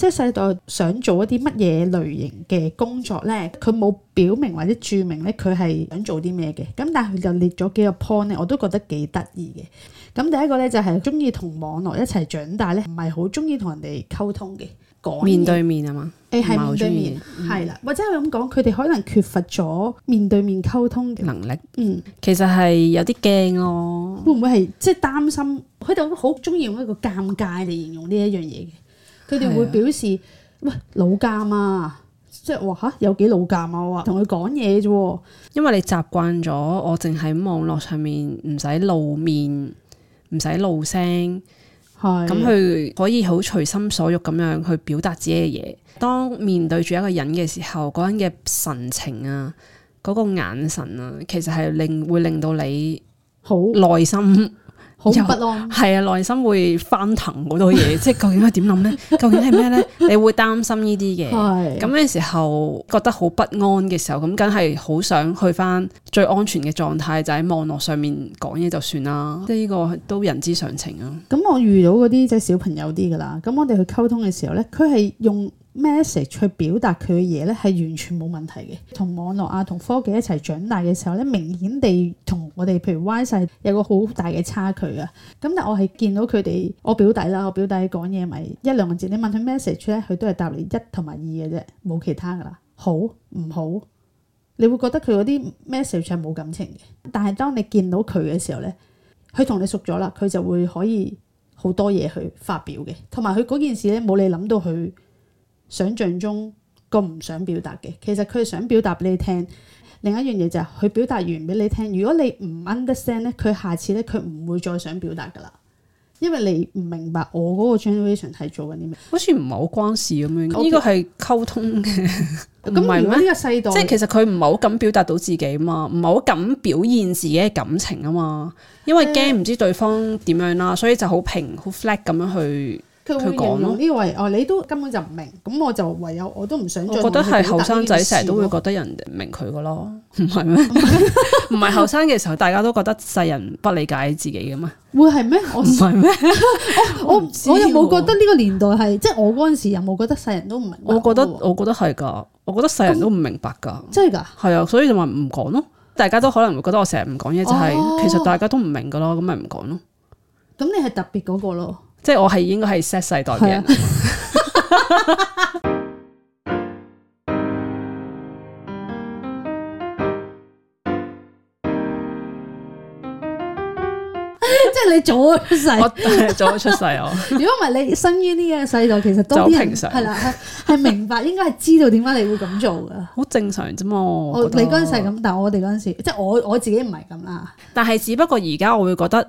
即係世代想做一啲乜嘢類型嘅工作咧，佢冇表明或者注明咧，佢係想做啲咩嘅。咁但係佢就列咗幾個 point 咧，我都覺得幾得意嘅。咁第一個咧就係中意同網絡一齊長大咧，唔係好中意同人哋溝通嘅，面對面啊嘛。誒，係面對面，係啦。或者係咁講，佢哋可能缺乏咗面對面溝通嘅能力。嗯，其實係有啲驚咯。會唔會係即係擔心？佢哋都好中意用一個尷尬嚟形容呢一樣嘢嘅。佢哋會表示：啊、喂，老駕嘛、啊，即係話嚇，有幾老駕嘛、啊？我話同佢講嘢啫。因為你習慣咗，我淨喺網絡上面唔使露面，唔使露聲，係咁佢可以好隨心所欲咁樣去表達自己嘅嘢。當面對住一個人嘅時候，嗰人嘅神情啊，嗰、嗰個眼神啊，其實係令會令到你好內心好。好不安，係啊，內心會翻騰好多嘢， 即係究竟係點諗咧？究竟係咩咧？呢 你會擔心呢啲嘅，咁嘅時候覺得好不安嘅時候，咁梗係好想去翻最安全嘅狀態，就喺、是、網絡上面講嘢就算啦。即係呢個都人之常情啊。咁 我遇到嗰啲即係小朋友啲噶啦，咁我哋去溝通嘅時候咧，佢係用。message 去表達佢嘅嘢咧，係完全冇問題嘅。同網絡啊，同科技一齊長大嘅時候咧，明顯地同我哋譬如 Y 世有個好大嘅差距啊。咁但係我係見到佢哋，我表弟啦，我表弟講嘢咪一兩個字。你問佢 message 咧，佢都係答你一同埋二嘅啫，冇其他噶啦。好唔好？你會覺得佢嗰啲 message 係冇感情嘅。但係當你見到佢嘅時候咧，佢同你熟咗啦，佢就會可以好多嘢去發表嘅，同埋佢嗰件事咧冇你諗到佢。想象中個唔想表達嘅，其實佢係想表達俾你聽。另一樣嘢就係佢表達完俾你聽。如果你唔 understand 咧，佢下次咧，佢唔會再想表達噶啦。因為你唔明白我嗰個 generation 係做緊啲咩，好似唔係好關事咁樣。呢個係溝通嘅， 如果呢個世代， 嗎世即係其實佢唔係好敢表達到自己嘛，唔係好敢表現自己嘅感情啊嘛。因為驚唔知對方點樣啦，所以就好平好 flat 咁樣去。佢會形容呢位哦，oh, 你都根本就唔明，咁我就唯有我都唔想再同佢討論呢件事。我覺得係後生仔成日都會覺得人哋唔明佢噶咯，唔係咩？唔係後生嘅時候，大家都覺得世人不理解自己噶嘛？會係咩？我唔係咩？我我又冇覺得呢個年代係，即係我嗰陣時又冇覺得世人都唔明我我。我覺得我覺得係噶，我覺得世人都唔明白噶。真係噶？係啊，所以就話唔講咯。大家都可能會覺得我成日唔講嘢，就係其實大家都唔明噶咯，咁咪唔講咯。咁你係特別嗰個咯？即係我係應該係 Z 世代嘅人，即係你早出世，我，早出世哦。如果唔係你生於呢個世代，其實平常係啦，係係明白， 應該係知道點解你會咁做噶。好正常啫嘛。你嗰陣係咁，但係我哋嗰陣時，即係我我自己唔係咁啦。但係只不過而家我會覺得。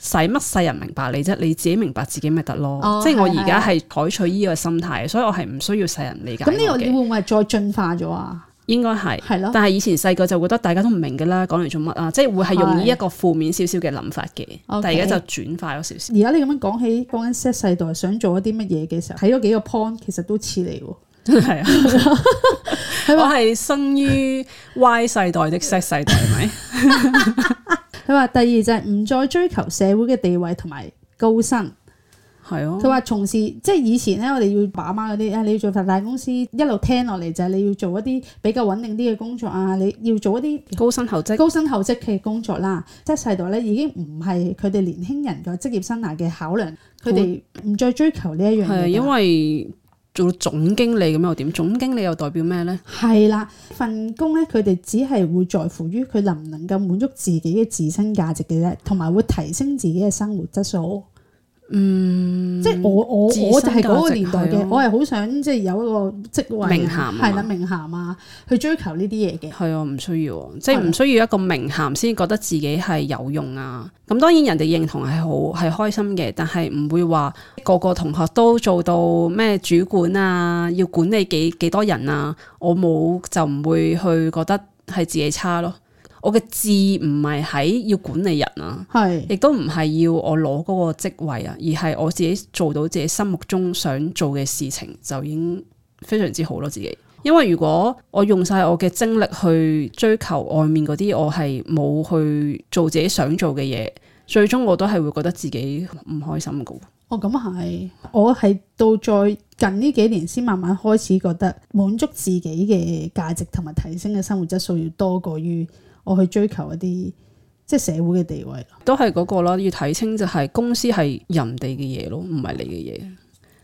使乜世人明白你啫？你自己明白自己咪得咯。哦、即係我而家係採取呢個心態，所以我係唔需要世人理解。咁你你會唔會再進化咗啊？應該係，係咯的。但係以前細個就覺得大家都唔明㗎啦，講嚟做乜啊？即係會係用呢一個負面少少嘅諗法嘅。的但係而家就轉化咗少少。而家你咁樣講起講緊 Z 世代想做一啲乜嘢嘅時候，睇咗幾個 point，其實都似你喎。真係啊 吧，我係生於 Y 世代的 Z 世，世代，係咪？ 佢話：第二就係唔再追求社會嘅地位同埋高薪係哦。係啊，佢話從事即係以前咧，我哋要爸媽嗰啲啊，你要做大公司一路聽落嚟就係你要做一啲比較穩定啲嘅工作啊，你要做一啲高薪厚職、高薪厚職嘅工作啦。即係世代咧已經唔係佢哋年輕人嘅職業生涯嘅考量，佢哋唔再追求呢一樣嘢。係啊，因為。做到總經理咁又點？總經理又代表咩咧？係啦，份工咧，佢哋只係會在乎於佢能唔能夠滿足自己嘅自身價值嘅啫，同埋會提升自己嘅生活質素。嗯，即係我我我就係嗰個年代嘅。啊、我係好想即係有一個職位，係啦，名銜啊，啊，啊，去追求呢啲嘢嘅。係啊，唔需要，啊、即係唔需要一個名銜先覺得自己係有用啊。咁當然人哋認同係好係開心嘅，但係唔會話個個同學都做到咩主管啊，要管理幾幾多人啊。我冇就唔會去覺得係自己差咯。我嘅志唔係喺要管理人啊，係亦都唔係要我攞嗰個職位啊，而係我自己做到自己心目中想做嘅事情，就已經非常之好咯。自己，因為如果我用晒我嘅精力去追求外面嗰啲，我係冇去做自己想做嘅嘢，最終我都係會覺得自己唔開心噶。哦，咁係，我係到再近呢幾年先慢慢開始覺得滿足自己嘅價值，同埋提升嘅生活質素要多過於。我去追求一啲即係社會嘅地位都係嗰個咯，要睇清就係公司係人哋嘅嘢咯，唔係你嘅嘢。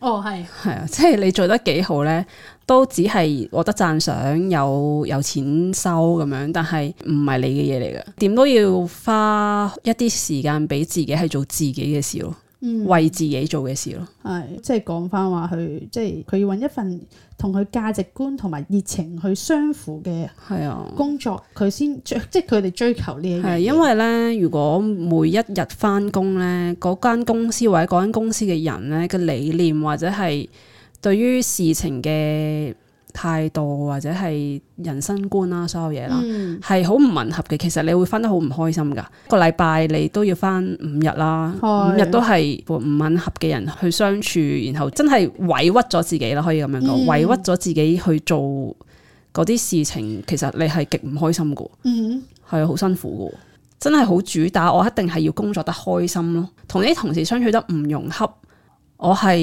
哦，係係啊，即係你做得幾好咧，都只係獲得讚賞，有有錢收咁樣，但係唔係你嘅嘢嚟嘅，點、嗯、都要花一啲時間俾自己係做自己嘅事咯。嗯、為自己做嘅事咯，係即係講翻話佢，即係佢要揾一份同佢價值觀同埋熱情去相符嘅係啊工作，佢先、啊、追，即係佢哋追求呢一樣。係因為咧，如果每一日翻工咧，嗰、嗯、間公司或者嗰間公司嘅人咧嘅理念或者係對於事情嘅。態度或者係人生觀啦，所有嘢啦，係好唔吻合嘅。其實你會返得好唔開心㗎。嗯、個禮拜你都要返五日啦，五日、嗯、都係唔吻合嘅人去相處，然後真係委屈咗自己啦。可以咁樣講，委屈咗自己去做嗰啲事情，其實你係極唔開心㗎。嗯哼，係好辛苦㗎，真係好主打。我一定係要工作得開心咯。同啲同事相處得唔融洽。我係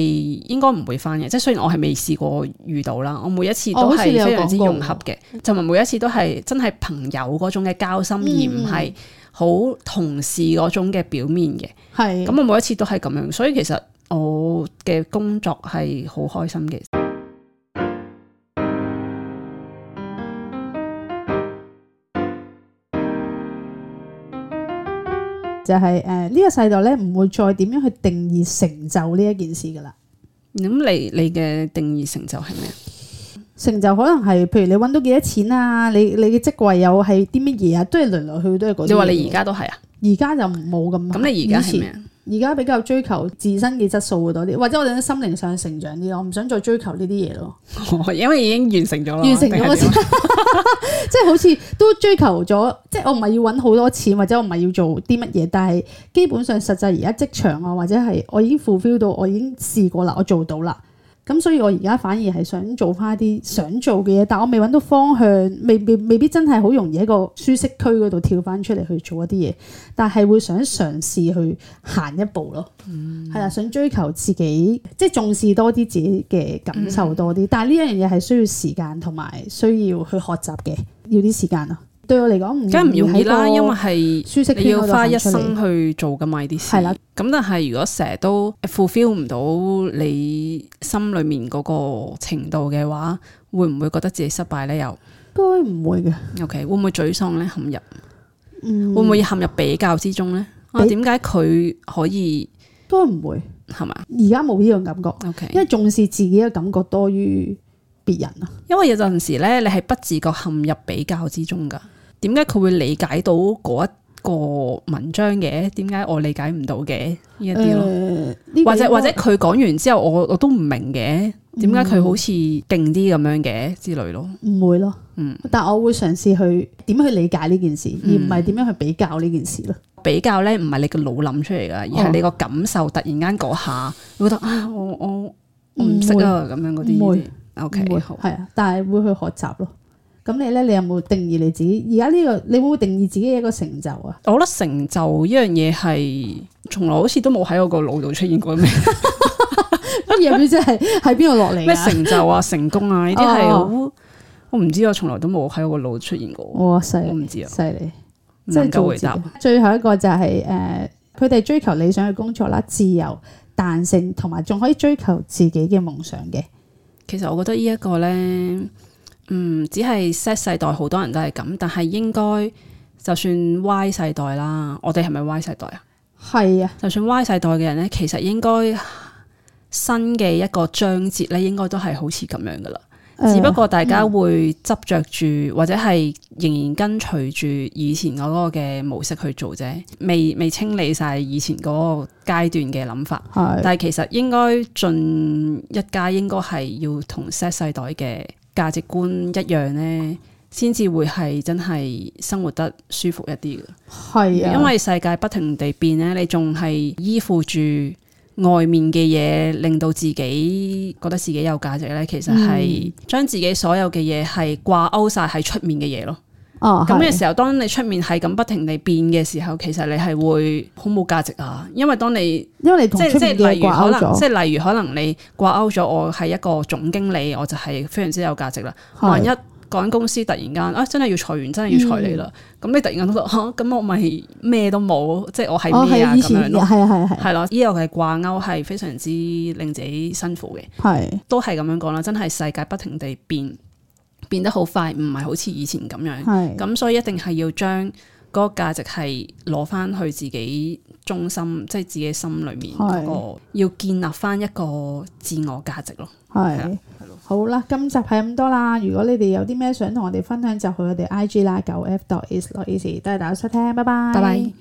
應該唔會翻嘅，即係雖然我係未試過遇到啦，我每一次都係非常之融合嘅，就係每一次都係真係朋友嗰種嘅交心，嗯、而唔係好同事嗰種嘅表面嘅。係是，咁我每一次都係咁樣，所以其實我嘅工作係好開心嘅。就係誒呢個世代咧，唔會再點樣去定義成就呢一件事噶啦。咁你你嘅定義成就係咩啊？成就可能係譬如你搵到幾多錢啊，你你嘅職位又係啲乜嘢啊，都係來來去去都係嗰啲。你話你而家都係啊？而家就冇咁。咁你而家係咩啊？而家比較追求自身嘅質素會多啲，或者我哋心靈上成長啲咯，我唔想再追求呢啲嘢咯。 因為已經完成咗咯，完成咗。 即係好似都追求咗，即我唔係要搵好多錢，或者我唔係要做啲乜嘢，但係基本上實際而家職場啊，或者係我已經 fulfill 到，我已經試過啦，我做到啦。咁所以，我而家反而係想做翻一啲想做嘅嘢，但我未揾到方向，未未未必真係好容易喺個舒適區嗰度跳翻出嚟去做一啲嘢，但係會想嘗試去行一步咯，係啦，嗯，想追求自己，即係重視多啲自己嘅感受多啲。嗯、但係呢樣嘢係需要時間同埋需要去學習嘅，要啲時間咯。對我嚟講，梗係唔容易啦，因為係你要花一生去做㗎嘛啲事。係啦的，咁但係如果成日都 fulfill 唔到你心裏面嗰個程度嘅話，會唔會覺得自己失敗咧？又該唔會嘅。OK，會唔會沮喪咧？陷入，嗯、會唔會陷入比較之中咧？比啊，點解佢可以？都唔會係嘛？而家冇呢樣感覺。OK，因為重視自己嘅感覺多於別人啊。因為有陣時咧，你係不自覺陷入比較之中噶。點解佢會理解到嗰一個文章嘅？點解我理解唔到嘅呢一啲咯？呃、或者、啊、或者佢講完之後，我我都唔明嘅。點解佢好似勁啲咁樣嘅之類咯？唔會咯，嗯。但我會嘗試去點去理解呢件事，嗯、而唔係點樣去比較呢件事咯。比較咧，唔係你個腦諗出嚟噶，而係你個感受突然間嗰下，覺得啊,會啊，我我唔識啊咁樣嗰啲。O K，係啊，但係會去學習咯。咁你咧，你有冇定義你自己？而家呢個，你會唔會定義自己一個成就啊？我覺得成就呢樣嘢係，從來好似都冇喺我個腦度出現過咩？咁有邊即係喺邊度落嚟啊？成就啊，成功啊，呢啲係好，哦、我唔知、哦、我從來都冇喺我個腦出現過。哇塞、哦，我唔知啊，犀利，即係回答。最後一個就係、是、誒，佢、呃、哋追求理想嘅工作啦，自由、彈性，同埋仲可以追求自己嘅夢想嘅。其實我覺得呢一個咧。嗯，只係 Z 世代好多人都係咁，但係應該就算 Y 世代啦，我哋係咪 Y 世代啊？係啊，就算 Y 世代嘅人咧，其實應該新嘅一個章節咧，應該都係好似咁樣噶啦。只不過大家會執着住或者係仍然跟隨住以前嗰個嘅模式去做啫，未未清理晒以前嗰個階段嘅諗法。是但係其實應該進一家應該係要同 Z 世代嘅。價值觀一樣呢，先至會係真係生活得舒服一啲嘅。係啊的，因為世界不停地變咧，你仲係依附住外面嘅嘢，令到自己覺得自己有價值呢。其實係將自己所有嘅嘢係掛鈎晒喺出面嘅嘢咯。哦，咁嘅時候，當你出面係咁不停地變嘅時候，其實你係會好冇價值啊！因為當你因為即即係例如可能即係例如可能你掛鈎咗，我係一個總經理，我就係非常之有價值啦。萬一講緊公司突然間啊，真係要裁員，真係要裁你啦！咁你突然間、啊啊、都嚇，咁我咪咩都冇，即係我係咩啊咁樣咯？係啊係係係依個係掛鈎，係非常之令自己辛苦嘅。係都係咁樣講啦，真係世界不停地變。變得好快，唔係好似以前咁樣。係咁是，所以一定係要將嗰個價值係攞翻去自己中心，即係自己心裏面嗰個，是要建立翻一個自我價值咯。係係咯。了好啦，今集係咁多啦。如果你哋有啲咩想同我哋分享，就去我哋 IG 啦，九 F 點 is not easy，多謝大家收聽。拜拜。拜拜。